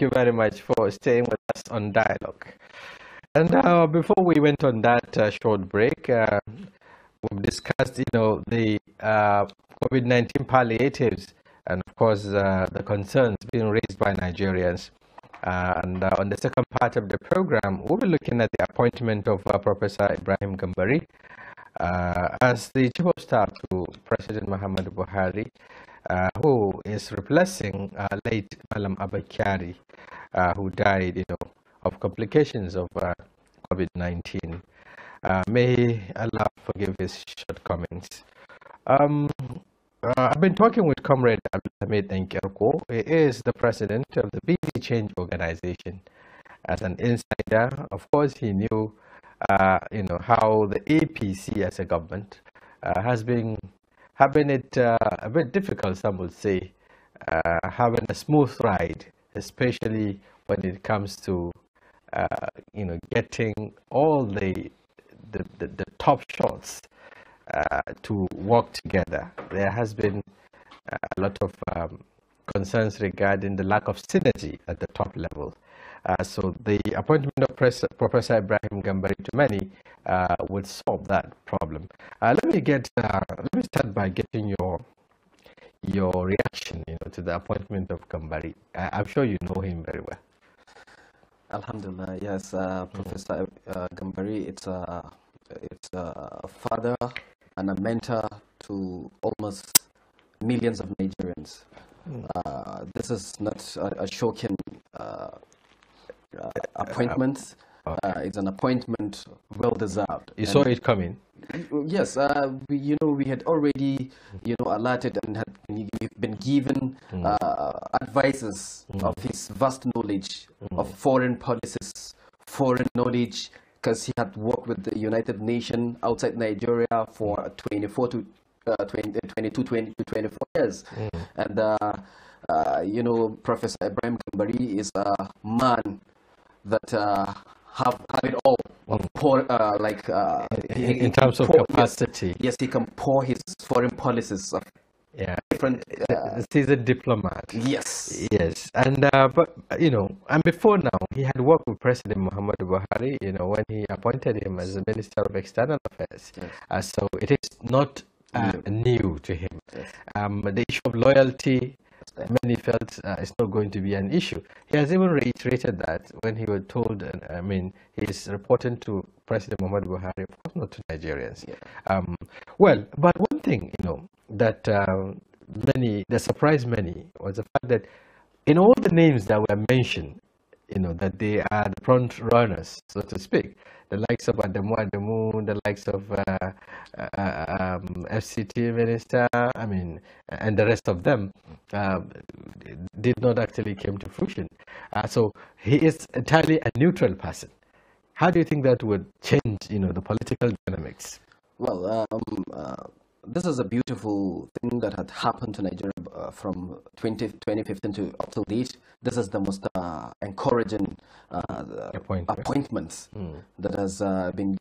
you very much for staying with us on Dialogue. And uh, before we went on that uh, short break, uh, we discussed, you know, the uh, COVID-19 palliatives and, of course, uh, the concerns being raised by Nigerians. Uh, and on the second part of the program, we'll be looking at the appointment of Professor Ibrahim Gambari as the chief of staff to President Muhammad Buhari, who is replacing late Malam Abakari. Uh, who died, you know, of complications of uh, COVID-19. Uh, may Allah forgive his shortcomings. Um, uh, I've been talking with Comrade Abdulhamid Nkerko. He is the president of the BB Change organization. As an insider, of course, he knew, uh, you know, how the APC as a government uh, has been having it a bit difficult, some would say, having a smooth ride especially when it comes to uh, you know getting all the the, the, the top shots uh, to work together. There has been uh, a lot of um, concerns regarding the lack of synergy at the top level. Uh, so the appointment of Professor Ibrahim Gambari Tumani uh, would solve that problem. Uh, let me get uh, let me start by getting your your reaction, you know, to the appointment of Kambari. I, am sure you know him very well. Alhamdulillah, yes, uh, mm. Professor uh, Gambari, it's a, it's a father and a mentor to almost millions of Nigerians. Mm. Uh, this is not a, a shocking uh, uh, appointment. Okay. Uh, it's an appointment well deserved. You and saw it coming? yes, uh, we, you know, we had already, you know, alerted and had been given mm. uh, advices mm. of his vast knowledge mm. of foreign policies, foreign knowledge, because he had worked with the United Nations outside Nigeria for 24 to uh, 20, 22 20 to 24 years. And, uh, uh, you know, Professor Ibrahim Kambari is a man that uh, have, have it all. Pour, uh, like uh, in, in terms of capacity. Yes, yes, he can pour his foreign policies yeah different uh, he's a diplomat yes yes and uh, but you know and before now he had worked with president muhammad buhari you know when he appointed him as the minister of external affairs yes. uh, so it is not uh, new to him yes. um, the issue of loyalty many felt uh, it's not going to be an issue. He has even reiterated that when he was told, uh, I mean, he's reporting to President Muhammad Buhari, of course not to Nigerians. Yeah. Um, well, but one thing, you know, that um, many, that surprised many was the fact that in all the names that were mentioned, you know, that they are the front runners, so to speak, the likes of Adamu Adamu, the likes of uh, uh, um, FCT Minister, I mean, and the rest of them uh, did not actually came to fruition. Uh, so he is entirely a neutral person. How do you think that would change, you know, the political dynamics? Well, um, uh, this is a beautiful thing that had happened to Nigeria uh, from 20, 2015 to up to date. This is the most uh, encouraging uh, appointment, mm. that has uh, been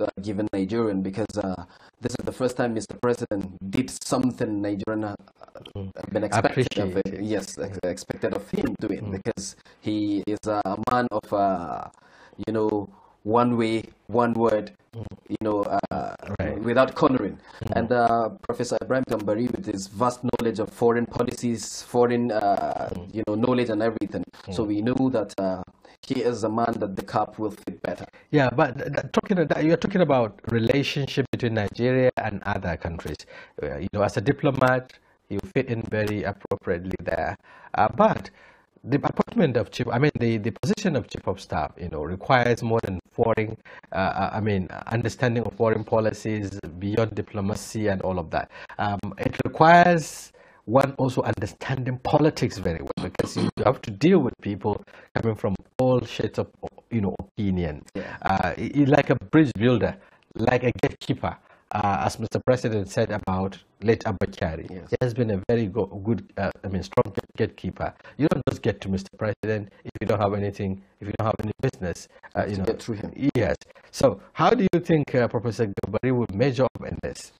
uh, given Nigerian because uh, this is the first time Mr. President did something Nigerian uh, mm. been expected of, it. yes ex expected of him doing mm. because he is a man of you know one way, one word, you know, uh, right. without cornering. Mm-hmm. And uh, Professor Ibrahim Gambari, with his vast knowledge of foreign policies, foreign, uh, mm-hmm. you know, knowledge and everything. Mm-hmm. So we know that uh, he is a man that the cup will fit better. Yeah, but talking you're talking about relationship between Nigeria and other countries. Uh, you know, as a diplomat, you fit in very appropriately there. Uh, but the appointment of chief, I mean, the, the position of chief of staff, you know, requires more than foreign, uh, uh, I mean, understanding of foreign policies beyond diplomacy and all of that. Um, it requires one also understanding politics very well because you have to deal with people coming from all shades of, you know, opinion. Yeah. Uh, like a bridge builder, like a gatekeeper uh, as Mr. President said about late Abakari, yes. he has been a very go good, uh, I mean, strong gatekeeper. You don't just get to Mr. President if you don't have anything, if you don't have any business, uh, you know. Get through him. Yes. So, how do you think uh, Professor Gabari would measure up in this?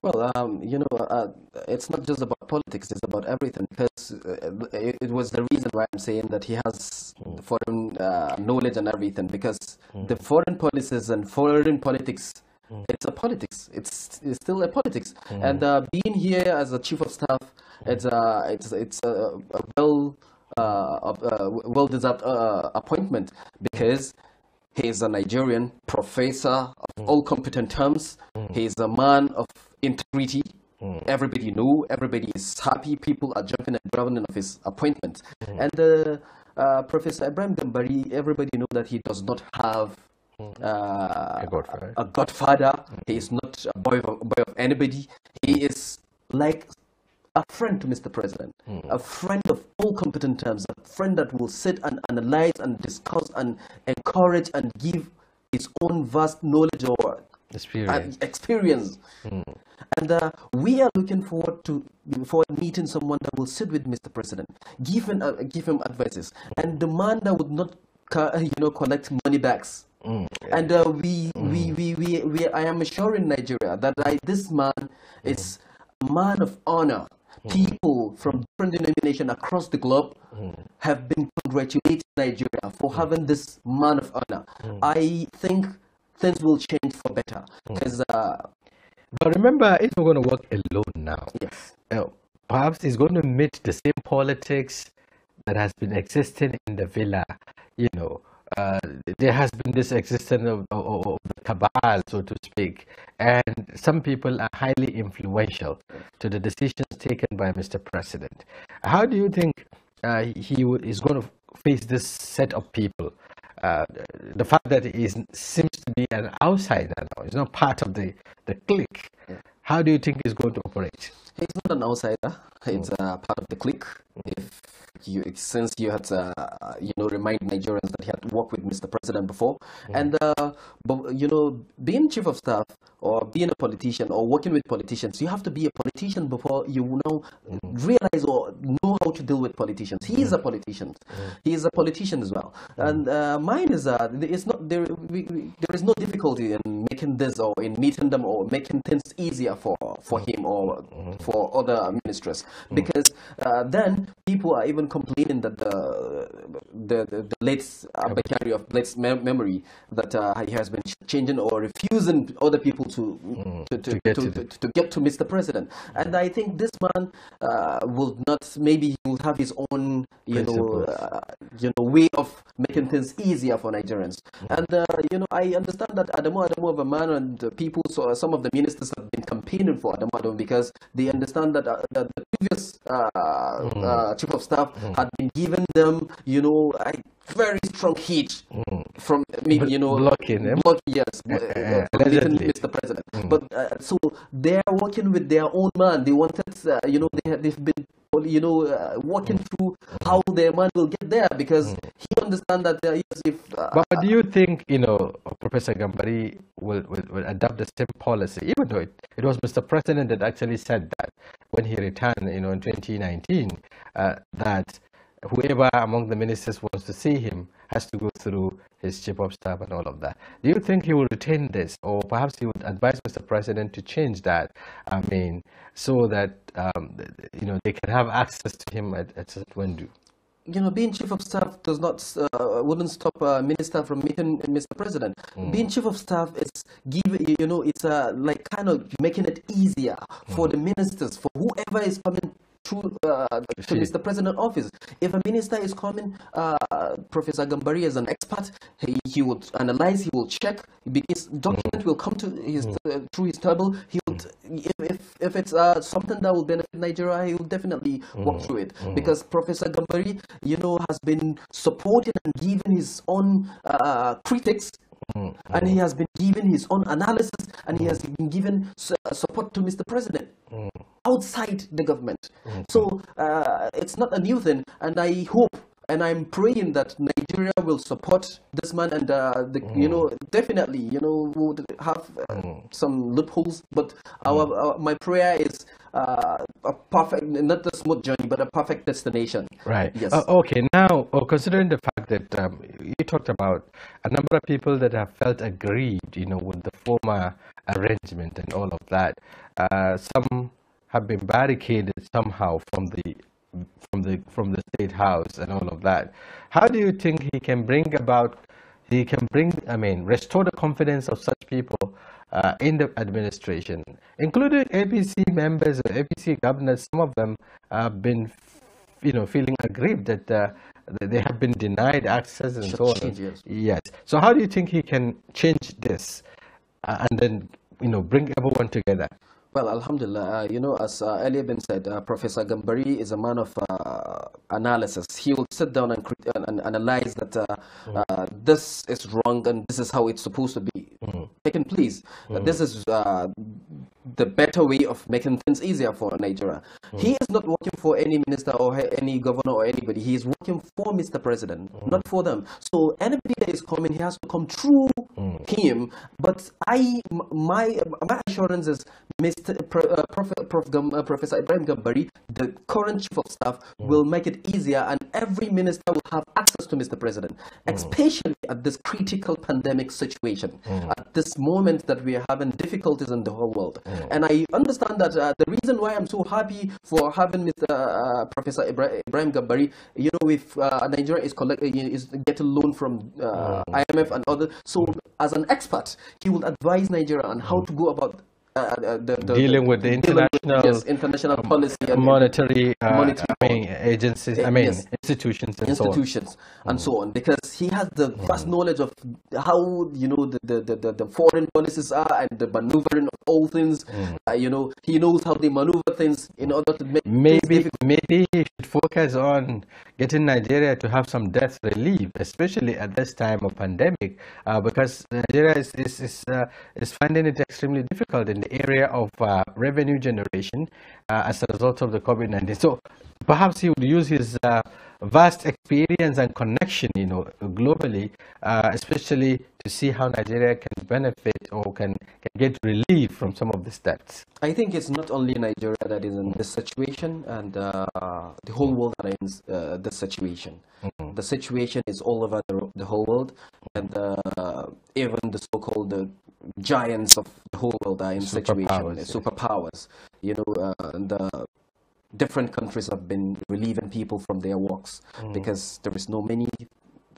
Well, um, you know, uh, uh, it's not just about politics, it's about everything. Because uh, it, it, was the reason why I'm saying that he has hmm. foreign uh, knowledge and everything. Because hmm. the foreign policies and foreign politics Mm. It's a politics. It's, it's still a politics. Mm. And uh, being here as a chief of staff, mm. it's a uh, it's it's a, a well uh, a uh, well deserved uh, appointment because he is a Nigerian professor of mm. all competent terms. Mm. He is a man of integrity. Mm. Everybody knew. Everybody is happy. People are jumping and driving of his appointment. And uh, uh Professor Ibrahim Gambari, everybody know that he does not have uh, a godfather. A godfather. Mm-hmm. He is not a boy of, a boy of anybody. He is like a friend to Mr. President, mm-hmm. a friend of all competent terms, a friend that will sit and analyze and discuss and encourage and give his own vast knowledge or experience. experience. Mm-hmm. And uh, we are looking forward to for meeting someone that will sit with Mr. President, give him, uh, give him advices, and the man that would not you know, collect money backs. Mm. And uh, we, mm. we, we, we, we, I am sure in Nigeria that I, this man is a man of honor. Mm. People from different denominations across the globe mm. have been congratulating Nigeria for mm. having this man of honor. I think things will change for better because uh, but remember, it's not going to work alone now. Yes. Uh, perhaps he's going to meet the same politics that has been existing in the villa, you know, uh, there has been this existence of, of, of, the cabal, so to speak, and some people are highly influential to the decisions taken by Mr. President. How do you think uh, he is going to face this set of people? Uh, the fact that he is, seems to be an outsider now, he's not part of the, the clique. Yeah. How do you think he's going to operate? He's not an outsider, he's mm. part of the clique. Mm. If you since you had uh, you know remind Nigerians that he had worked with Mr. President before, mm and uh, but, you know being chief of staff or being a politician or working with politicians, you have to be a politician before you know mm. realize or know how to deal with politicians. He mm. is a mm-hmm. politician. Mm. He is a politician as well. And uh, mine is uh, it's not there. We, we, there is no difficulty in making this or in meeting them or making things easier for for him or for other ministers mm. because uh, then people are even complaining that the the, the, the late Abakari of late memory that uh, he has been changing or refusing other people to, mm, to, to, to, get to, to, get to Mr. President. Mm. And I think this man uh, will not, maybe he will have his own, you know, uh, you know, way of making things easier for Nigerians. Mm. And, uh, you know, I understand that Adamu Adamu of a man and people, so uh, some of the ministers have been campaigning for Adamu Adamu because they understand that, uh, that the previous uh, mm. chief of staff mm. had been giving them, you know, a very strong heat. Mm from me, you know, blocking him. Block, yes, eh, uh, eh, uh, eh, allegedly. Mr. President. Mm. But uh, so they are working with their own man. They wanted, uh, you know, they have, they've been, you know, uh, working mm. through how their man will get there because mm. he understands that there is. if. but do you think you know Professor Gambari will, will, will adopt the same policy? Even though it, it was Mr. President that actually said that when he returned, you know, in 2019, that whoever among the ministers wants to see him has to go through his chief of staff and all of that. Do you think he will retain this, or perhaps he would advise Mr. President to change that? I mean, so that um, you know they can have access to him at, at Wendu. You know, being chief of staff does not uh, wouldn't stop a minister from meeting Mr. President. Mm. Being chief of staff is give you know it's uh, like kind of making it easier for mm. the ministers for whoever is coming to, uh, to Mr. President office. If a minister is coming, uh, Professor Gambari is an expert. He, he will analyze, he will check. His document mm. will come to his mm. uh, through his table. He would mm. if, if it's uh, something that will benefit Nigeria, he will definitely mm. walk through it. Mm. Because Professor Gambari, you know, has been supporting and giving his own uh, critics Mm -hmm. and he has been given his own analysis and he has been given support to Mr. President. Mm -hmm outside the government. Mm-hmm. So uh, it's not a new thing, and I hope and I'm praying that Nigeria will support this man and uh, the, mm. you know definitely you know would have uh, mm. some loopholes but our, mm. our my prayer is uh, a perfect not a smooth journey but a perfect destination right yes uh, okay now uh, considering the fact that um, you talked about a number of people that have felt aggrieved you know with the former arrangement and all of that uh, some have been barricaded somehow from the from the from the state house and all of that. How do you think he can bring about he can bring I mean restore the confidence of such people uh, in the administration, including APC members or APC governors. Some of them have been you know feeling aggrieved that. Uh, they have been denied access and so on. Yes. yes. So how do you think he can change this uh, and then you know bring everyone together? Well, Alhamdulillah, uh, you know, as uh, earlier been said, uh, Professor Gambari is a man of uh, analysis. He will sit down and, and analyze that uh, mm. Uh, this is wrong and this is how it's supposed to be mm. taken, please. Mm. this is the better way of making things easier for Nigeria. Mm. He is not working for any minister or any governor or anybody. He is working for Mr. President, mm. not for them. So anybody that is coming, he has to come through mm. him. But I, my, my assurance is Mr. Uh, Pro, uh, Prof, uh, Prof, uh, Professor Ibrahim Gambari, the current chief of staff, mm. will make it easier and every minister will have access to Mr. President, mm. especially at this critical pandemic situation, mm. at this moment that we are having difficulties in the whole world. Mm. And I understand that uh, the reason why I'm so happy for having Mr. Uh, Professor Ibra Ibrahim Gambari, you know, if Nigeria is, collect, is getting loan from mm. IMF and others, so mm. as an expert, he will advise Nigeria on how to go about uh, uh, the, the, dealing with the international, with, yes, international um, policy and monetary, uh, monetary I mean, agencies, I eh, mean yes. institutions and institutions so on. and mm. so on because he has the mm. vast mm. knowledge of how you know the, the, the, the, foreign policies are and the maneuvering of all things. Mm. Uh, you know he knows how they maneuver things in order to make maybe maybe he should focus on getting Nigeria to have some death relief, especially at this time of pandemic, uh, because Nigeria is is is, is finding it extremely difficult in the area of uh, revenue generation uh, as a result of the COVID-19. So perhaps he would use his uh, vast experience and connection, you know, globally, uh, especially to see how Nigeria can benefit or can, can get relief from some of these debts. I think it's not only Nigeria that is in this situation and uh, the whole world that is in uh, this situation. Mm -hmm. The situation is all over the, the whole world and even the so-called giants of the whole world are in superpowers, situation, yes. superpowers. You know, uh, the different countries have been relieving people from their works mm. because there is no many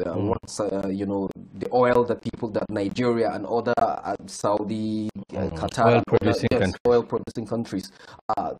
uh, mm. once uh, you know the oil that people that Nigeria and other uh, Saudi, uh, mm. Qatar, oil producing, other, uh, yes, oil producing countries are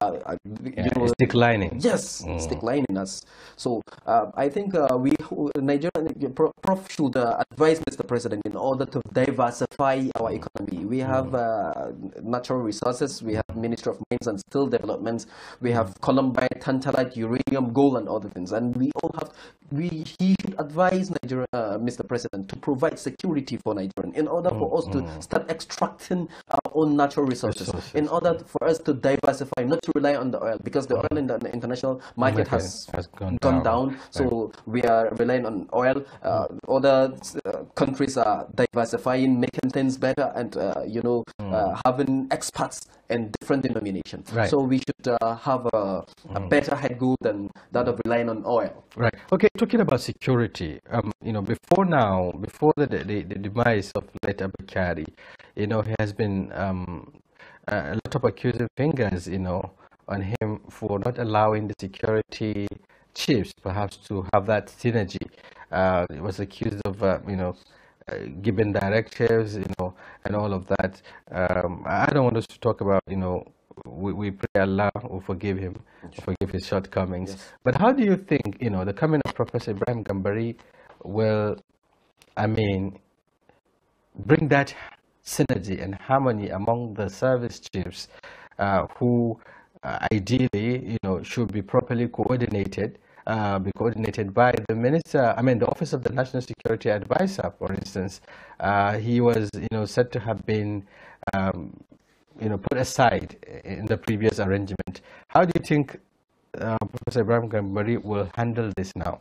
uh, yeah, know, it's declining. Yes, mm. it's declining us. So uh, I think uh, we Nigerian Prof should uh, advise Mr. President in order to diversify our economy. We mm. have mm. natural resources. We have Ministry of Mines and Steel Development. We have mm. columbite, tantalite, uranium, gold, and other things. And we all have we, he should advise uh, Mr. President, to provide security for Nigeria in order for oh, us to oh. start extracting our own natural resources, resources. in order yeah. for us to diversify, not to rely on the oil, because the oh. oil in the international market okay. has, has, gone, gone down. down. So we are relying on oil. Uh, mm. Other uh, countries are diversifying, making things better, and uh, you know, uh, mm. having experts and different denominations. Right. So we should uh, have a, a mm. better head goal than that of relying on oil. Right. Okay. Talking about security, um, you know, before now, before the the, the demise of late Abakari, you know, he has been um, a lot of accusing fingers, you know, on him for not allowing the security chiefs perhaps to have that synergy. Uh, he was accused of, uh, you know, given directives, you know, and all of that. Um, I don't want us to talk about, you know, we, we pray Allah will forgive him, forgive his shortcomings. Yes. But how do you think, you know, the coming of Professor Ibrahim Gambari will, I mean, bring that synergy and harmony among the service chiefs uh, who uh, ideally, you know, should be properly coordinated uh, be coordinated by the minister. I mean, the office of the National Security Advisor, for instance. Uh, he was, you know, said to have been, um, you know, put aside in the previous arrangement. How do you think uh, Professor Ibrahim Gambari will handle this now?